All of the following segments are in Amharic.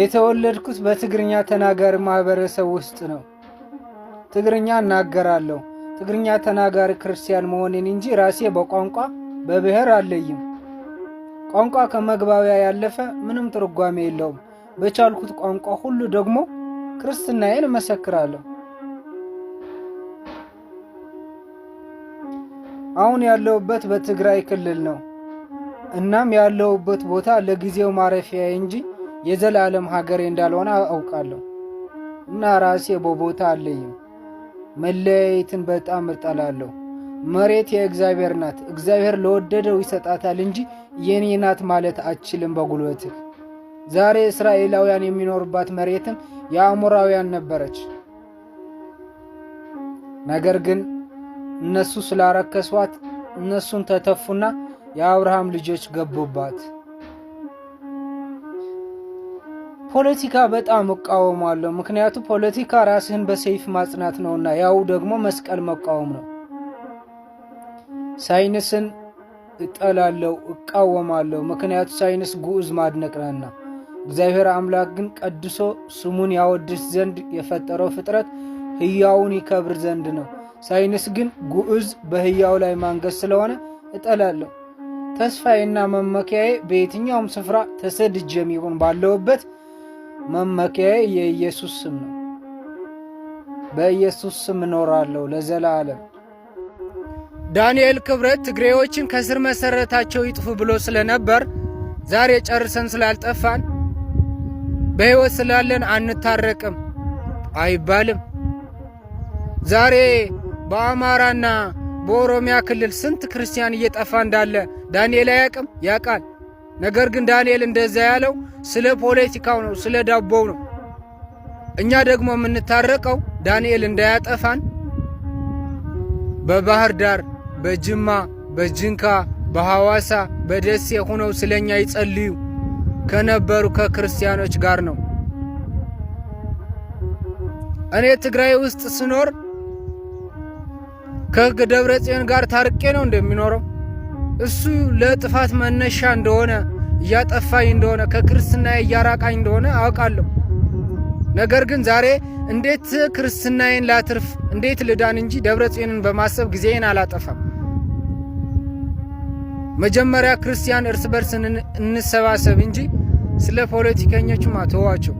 የተወለድኩት በትግርኛ ተናጋሪ ማህበረሰብ ውስጥ ነው። ትግርኛ እናገራለሁ። ትግርኛ ተናጋሪ ክርስቲያን መሆኔን እንጂ ራሴ በቋንቋ በብሔር አለይም። ቋንቋ ከመግባቢያ ያለፈ ምንም ትርጓሜ የለውም። በቻልኩት ቋንቋ ሁሉ ደግሞ ክርስትናዬን እመሰክራለሁ። አሁን ያለሁበት በትግራይ ክልል ነው። እናም ያለሁበት ቦታ ለጊዜው ማረፊያ እንጂ የዘላለም ሀገሬ እንዳልሆነ አውቃለሁ እና ራሴ በቦታ አለይም። መለያየትን በጣም እጠላለሁ። መሬት የእግዚአብሔር ናት፣ እግዚአብሔር ለወደደው ይሰጣታል እንጂ የኔ ናት ማለት አችልም በጉልበትህ። ዛሬ እስራኤላውያን የሚኖርባት መሬትም የአሞራውያን ነበረች። ነገር ግን እነሱ ስላረከሷት እነሱን ተተፉና የአብርሃም ልጆች ገቡባት። ፖለቲካ በጣም እቃወማለሁ። ምክንያቱም ፖለቲካ ራስህን በሰይፍ ማጽናት ነውና፣ ያው ደግሞ መስቀል መቃወም ነው። ሳይንስን እጠላለሁ፣ እቃወማለሁ። ምክንያቱ ሳይንስ ግዑዝ ማድነቅ ነውና። እግዚአብሔር አምላክ ግን ቀድሶ ስሙን ያወድስ ዘንድ የፈጠረው ፍጥረት ሕያውን ይከብር ዘንድ ነው። ሳይንስ ግን ግዑዝ በሕያው ላይ ማንገስ ስለሆነ እጠላለሁ። ተስፋዬና መመኪያዬ በየትኛውም ስፍራ ተሰድጄም ይሁን ባለውበት መመኪያ የኢየሱስ ስም ነው። በኢየሱስ ስም እኖራለሁ ለዘላለም። ዳንኤል ክብረት ትግሬዎችን ከስር መሰረታቸው ይጥፉ ብሎ ስለነበር ዛሬ ጨርሰን ስላልጠፋን በሕይወት ስላለን አንታረቅም አይባልም። ዛሬ በአማራና በኦሮሚያ ክልል ስንት ክርስቲያን እየጠፋ እንዳለ ዳንኤል አያቅም? ያውቃል። ነገር ግን ዳንኤል እንደዛ ያለው ስለ ፖለቲካው ነው፣ ስለ ዳቦው ነው። እኛ ደግሞ የምንታረቀው ዳንኤል እንዳያጠፋን በባህር ዳር፣ በጅማ፣ በጅንካ፣ በሐዋሳ፣ በደሴ ሆነው ስለኛ ይጸልዩ ከነበሩ ከክርስቲያኖች ጋር ነው። እኔ ትግራይ ውስጥ ስኖር ከደብረ ጽዮን ጋር ታርቄ ነው እንደሚኖረው እሱ ለጥፋት መነሻ እንደሆነ እያጠፋኝ እንደሆነ ከክርስትና እያራቃኝ እንደሆነ አውቃለሁ። ነገር ግን ዛሬ እንዴት ክርስትናዬን ላትርፍ፣ እንዴት ልዳን እንጂ ደብረ ጽዮንን በማሰብ ጊዜን አላጠፋም። መጀመሪያ ክርስቲያን እርስ በርስ እንሰባሰብ እንጂ ስለ ፖለቲከኞቹ ማተዋቸው።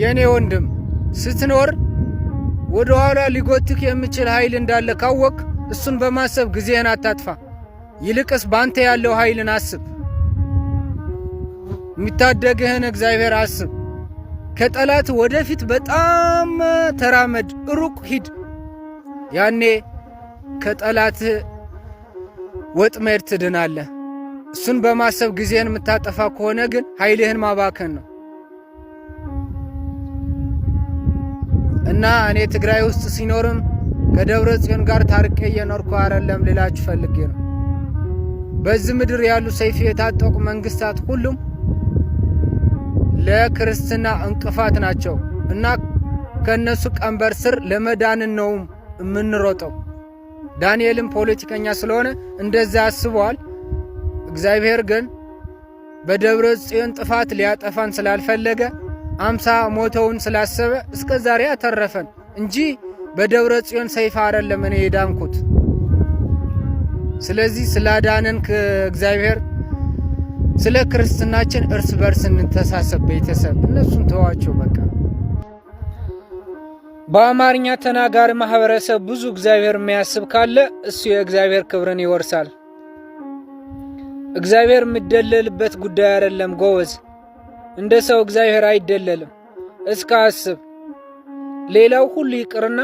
የእኔ ወንድም ስትኖር ወደ ኋላ ሊጎትክ የሚችል ኃይል እንዳለ ካወቅ እሱን በማሰብ ጊዜህን አታጥፋ። ይልቅስ ባንተ ያለው ኃይልን አስብ። የሚታደግህን እግዚአብሔር አስብ። ከጠላት ወደፊት በጣም ተራመድ፣ ሩቅ ሂድ። ያኔ ከጠላት ወጥመድ ትድናለህ። እሱን በማሰብ ጊዜህን የምታጠፋ ከሆነ ግን ኃይልህን ማባከን ነው እና እኔ ትግራይ ውስጥ ሲኖርም ከደብረ ጽዮን ጋር ታርቄ እየኖርኩ አይደለም ልላችሁ ፈልጌ ነው። በዚህ ምድር ያሉ ሰይፍ የታጠቁ መንግስታት ሁሉም ለክርስትና እንቅፋት ናቸው እና ከእነሱ ቀንበር ስር ለመዳንን ነው የምንሮጠው። ዳንኤልም ፖለቲከኛ ስለሆነ እንደዚያ አስበዋል። እግዚአብሔር ግን በደብረ ጽዮን ጥፋት ሊያጠፋን ስላልፈለገ አምሳ ሞተውን ስላሰበ እስከ ዛሬ አተረፈን እንጂ በደብረ ጽዮን ሰይፍ አይደለም እኔ የዳንኩት። ስለዚህ ስላዳነን እግዚአብሔር ስለ ክርስትናችን እርስ በርስ እንተሳሰብ። ቤተሰብ እነሱን ተዋቸው በቃ። በአማርኛ ተናጋሪ ማህበረሰብ ብዙ እግዚአብሔር የሚያስብ ካለ እሱ የእግዚአብሔር ክብርን ይወርሳል። እግዚአብሔር የምደለልበት ጉዳይ አይደለም ጎበዝ። እንደ ሰው እግዚአብሔር አይደለልም። እስከ አስብ ሌላው ሁሉ ይቅርና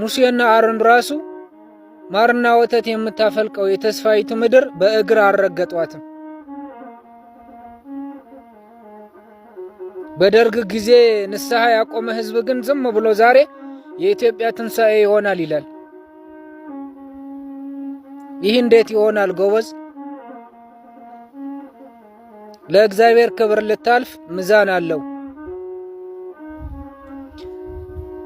ሙሴና አሮን ራሱ ማርና ወተት የምታፈልቀው የተስፋይቱ ምድር በእግር አልረገጧትም። በደርግ ጊዜ ንስሐ ያቆመ ሕዝብ ግን ዝም ብሎ ዛሬ የኢትዮጵያ ትንሣኤ ይሆናል ይላል። ይህ እንዴት ይሆናል ጎበዝ? ለእግዚአብሔር ክብር ልታልፍ ምዛን አለው።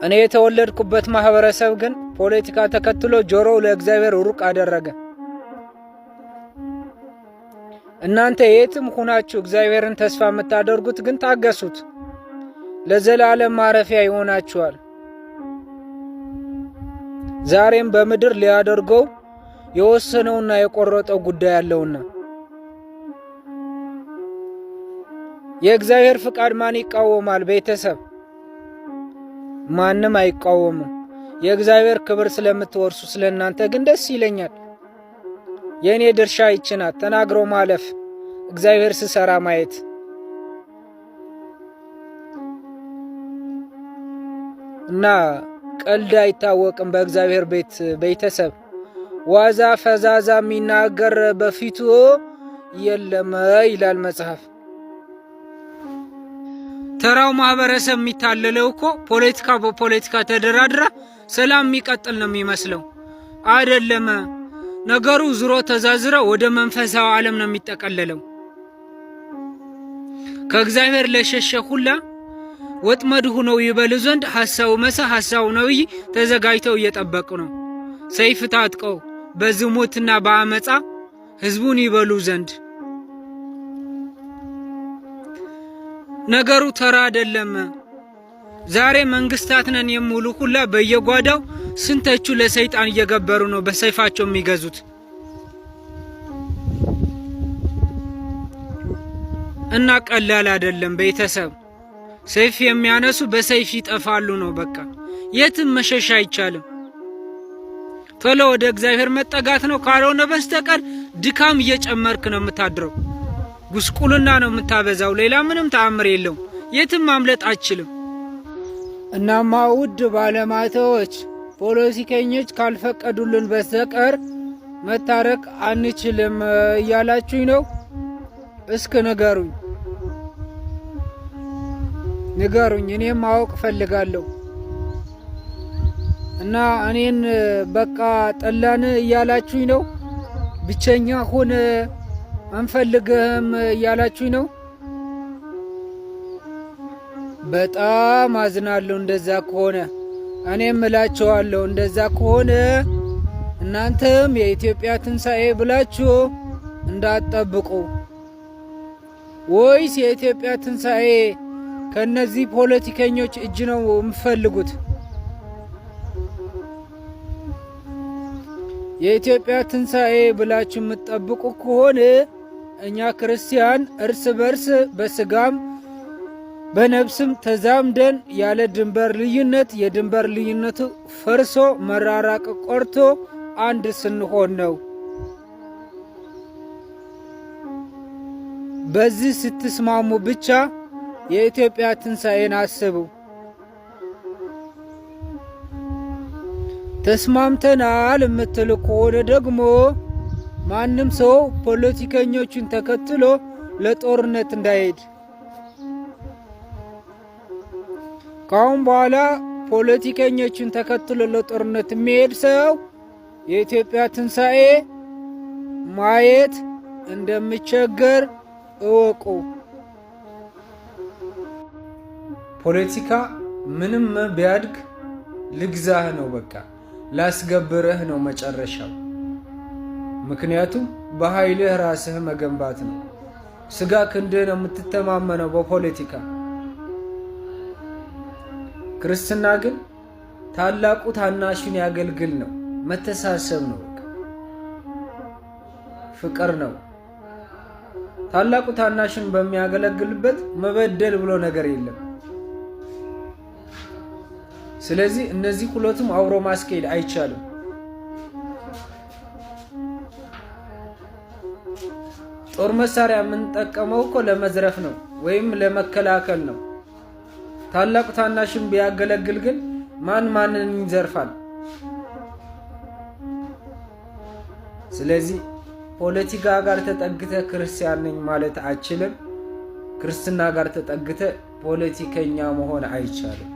እኔ የተወለድኩበት ማህበረሰብ ግን ፖለቲካ ተከትሎ ጆሮው ለእግዚአብሔር ሩቅ አደረገ። እናንተ የትም ሁናችሁ እግዚአብሔርን ተስፋ የምታደርጉት ግን ታገሱት፣ ለዘላለም ማረፊያ ይሆናችኋል። ዛሬም በምድር ሊያደርገው የወሰነውና የቆረጠው ጉዳይ አለውና የእግዚአብሔር ፍቃድ ማን ይቃወማል? ቤተሰብ ማንም አይቃወምም። የእግዚአብሔር ክብር ስለምትወርሱ ስለ እናንተ ግን ደስ ይለኛል። የእኔ ድርሻ ይች ናት፣ ተናግሮ ማለፍ፣ እግዚአብሔር ስሰራ ማየት። እና ቀልድ አይታወቅም በእግዚአብሔር ቤት ቤተሰብ ዋዛ ፈዛዛ የሚናገር በፊቱ የለም ይላል መጽሐፍ። ተራው ማህበረሰብ የሚታለለው እኮ ፖለቲካ በፖለቲካ ተደራድራ ሰላም የሚቀጥል ነው የሚመስለው። አይደለም ነገሩ ዙሮ ተዛዝረ ወደ መንፈሳዊ ዓለም ነው የሚጠቀለለው። ከእግዚአብሔር ለሸሸ ሁላ ወጥመድ ሁነው ይበሉ ዘንድ ሐሳው መሳ ሐሳው ነውይ ተዘጋጅተው እየጠበቁ ነው፣ ሰይፍ ታጥቀው በዝሙትና በአመፃ ህዝቡን ይበሉ ዘንድ ነገሩ ተራ አይደለም። ዛሬ መንግስታት ነን የሚሉ ሁላ በየጓዳው ስንተቹ ለሰይጣን እየገበሩ ነው በሰይፋቸው የሚገዙት። እና ቀላል አይደለም ቤተሰብ። ሰይፍ የሚያነሱ በሰይፍ ይጠፋሉ ነው በቃ። የትም መሸሽ አይቻልም። ቶሎ ወደ እግዚአብሔር መጠጋት ነው። ካልሆነ በስተቀር ድካም እየጨመርክ ነው የምታድረው። ጉስቁልና ነው የምታበዛው። ሌላ ምንም ተአምር የለው የትም ማምለጥ አችልም። እናማ ውድ ባለማተዎች፣ ፖለቲከኞች ካልፈቀዱልን በስተቀር መታረቅ አንችልም እያላችሁኝ ነው? እስክ ንገሩኝ ንገሩኝ፣ እኔም ማወቅ ፈልጋለሁ እና እኔን በቃ ጠላን እያላችሁኝ ነው? ብቸኛ ሆነ አንፈልግህም እያላችሁኝ ነው። በጣም አዝናለሁ እንደዛ ከሆነ። እኔም እላችኋለሁ እንደዛ ከሆነ እናንተም የኢትዮጵያ ትንሣኤ ብላችሁ እንዳትጠብቁ። ወይስ የኢትዮጵያ ትንሣኤ ከነዚህ ፖለቲከኞች እጅ ነው የምፈልጉት? የኢትዮጵያ ትንሣኤ ብላችሁ የምትጠብቁ ከሆነ እኛ ክርስቲያን እርስ በርስ በስጋም በነብስም ተዛምደን ያለ ድንበር ልዩነት የድንበር ልዩነቱ ፈርሶ መራራቅ ቆርቶ አንድ ስንሆን ነው። በዚህ ስትስማሙ ብቻ የኢትዮጵያ ትንሣኤን አስቡ። ተስማምተናል የምትል ከሆነ ደግሞ ማንም ሰው ፖለቲከኞችን ተከትሎ ለጦርነት እንዳይሄድ። ከአሁን በኋላ ፖለቲከኞችን ተከትሎ ለጦርነት የሚሄድ ሰው የኢትዮጵያ ትንሣኤ ማየት እንደሚቸገር እወቁ። ፖለቲካ ምንም ቢያድግ ልግዛህ ነው፣ በቃ ላስገብረህ ነው መጨረሻው። ምክንያቱም በኃይልህ ራስህ መገንባት ነው። ስጋ ክንድህ ነው የምትተማመነው በፖለቲካ ክርስትና ግን ታላቁ ታናሽን ያገልግል ነው። መተሳሰብ ነው፣ ፍቅር ነው። ታላቁ ታናሽን በሚያገለግልበት መበደል ብሎ ነገር የለም። ስለዚህ እነዚህ ሁለቱም አብሮ ማስኬድ አይቻልም። ጦር መሳሪያ የምንጠቀመው እኮ ለመዝረፍ ነው ወይም ለመከላከል ነው። ታላቁ ታናሽን ቢያገለግል ግን ማን ማንን ይዘርፋል? ስለዚህ ፖለቲካ ጋር ተጠግተ ክርስቲያን ነኝ ማለት አይችልም። ክርስትና ጋር ተጠግተ ፖለቲከኛ መሆን አይቻልም።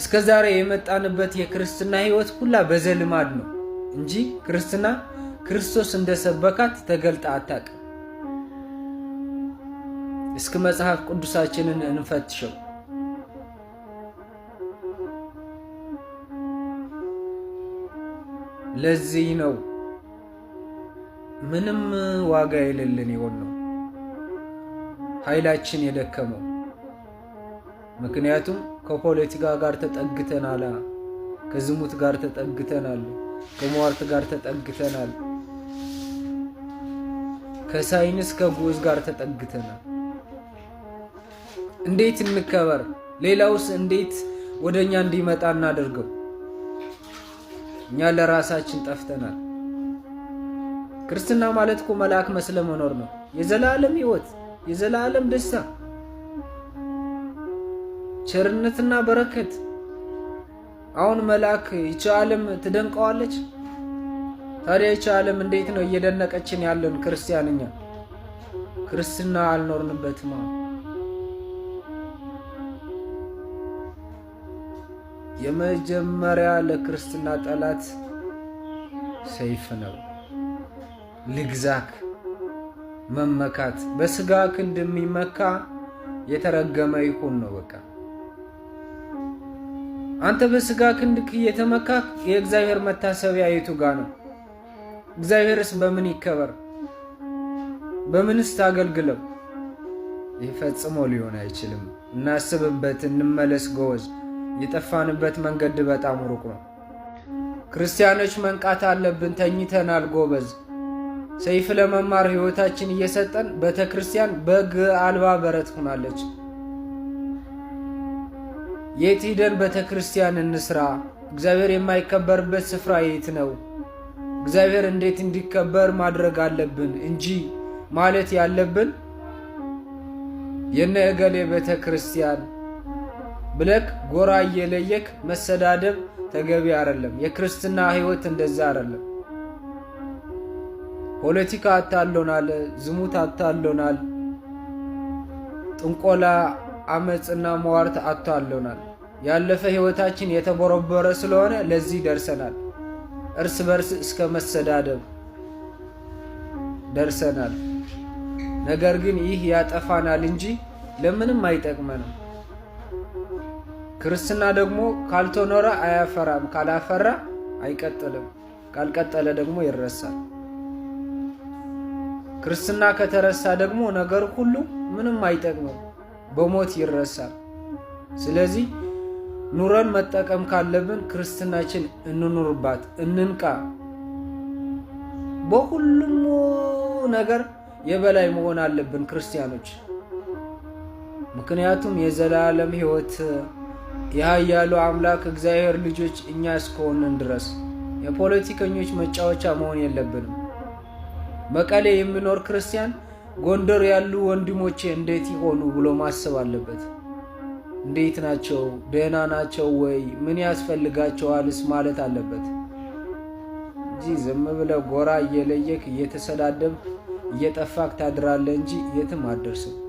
እስከ ዛሬ የመጣንበት የክርስትና ህይወት ሁላ በዘልማድ ነው እንጂ ክርስትና ክርስቶስ እንደሰበካት ተገልጣ አታውቅም። እስኪ መጽሐፍ ቅዱሳችንን እንፈትሸው። ለዚህ ነው ምንም ዋጋ የሌለን ይሆን ነው ኃይላችን የደከመው። ምክንያቱም ከፖለቲካ ጋር ተጠግተናል፣ ከዝሙት ጋር ተጠግተናል፣ ከሟርት ጋር ተጠግተናል። ከሳይንስ ከጉዝ ጋር ተጠግተናል። እንዴት እንከበር? ሌላውስ እንዴት ወደኛ እንዲመጣ እናደርገው? እኛ ለራሳችን ጠፍተናል። ክርስትና ማለት እኮ መልአክ መስለ መኖር ነው። የዘላለም ሕይወት፣ የዘላለም ደስታ፣ ቸርነትና በረከት። አሁን መልአክ ይቺ ዓለም ትደንቀዋለች? ታዲያ ይቺ ዓለም እንዴት ነው እየደነቀችን ያለን? ክርስቲያንኛ ክርስትና አልኖርንበትማ። የመጀመሪያ ለክርስትና ጠላት ሰይፍ ነው። ልግዛክ መመካት በስጋ ክንድ የሚመካ የተረገመ ይሁን ነው በቃ አንተ በስጋ ክንድክ እየተመካ የእግዚአብሔር መታሰቢያ የቱ ጋ ነው? እግዚአብሔርስ በምን ይከበር? በምንስ ታገልግለው? ይህ ፈጽሞ ሊሆን አይችልም። እናስብበት፣ እንመለስ ጎበዝ። የጠፋንበት መንገድ በጣም ሩቅ ነው። ክርስቲያኖች መንቃት አለብን። ተኝተናል ጎበዝ። ሰይፍ ለመማር ሕይወታችን እየሰጠን ቤተ ክርስቲያን በግ አልባ በረት ሆናለች። የት ሂደን ቤተ ክርስቲያን እንስራ? እግዚአብሔር የማይከበርበት ስፍራ የት ነው? እግዚአብሔር እንዴት እንዲከበር ማድረግ አለብን እንጂ ማለት ያለብን የነ እገሌ ቤተ ክርስቲያን ብለክ ጎራ እየለየክ መሰዳደብ ተገቢ አይደለም። የክርስትና ሕይወት እንደዛ አይደለም። ፖለቲካ አታሎናል፣ ዝሙት አታሎናል፣ ጥንቆላ፣ አመፅና መዋርት አታሎናል። ያለፈ ሕይወታችን የተቦረቦረ ስለሆነ ለዚህ ደርሰናል። እርስ በርስ እስከ መሰዳደብ ደርሰናል። ነገር ግን ይህ ያጠፋናል እንጂ ለምንም አይጠቅመንም። ክርስትና ደግሞ ካልተኖረ አያፈራም፣ ካላፈራ አይቀጥልም፣ ካልቀጠለ ደግሞ ይረሳል። ክርስትና ከተረሳ ደግሞ ነገር ሁሉ ምንም አይጠቅምም፣ በሞት ይረሳል። ስለዚህ ኑረን መጠቀም ካለብን ክርስትናችን እንኑርባት፣ እንንቃ። በሁሉም ነገር የበላይ መሆን አለብን ክርስቲያኖች። ምክንያቱም የዘላለም ሕይወት የኃያሉ አምላክ እግዚአብሔር ልጆች እኛ እስከሆንን ድረስ የፖለቲከኞች መጫወቻ መሆን የለብንም። መቀሌ የሚኖር ክርስቲያን ጎንደር ያሉ ወንድሞቼ እንዴት ይሆኑ ብሎ ማሰብ አለበት። እንዴት ናቸው? ደህና ናቸው ወይ? ምን ያስፈልጋቸዋልስ ማለት አለበት እንጂ ዝም ብለህ ጎራ እየለየክ እየተሰዳደብክ እየጠፋክ ታድራለህ እንጂ የትም አደርስም።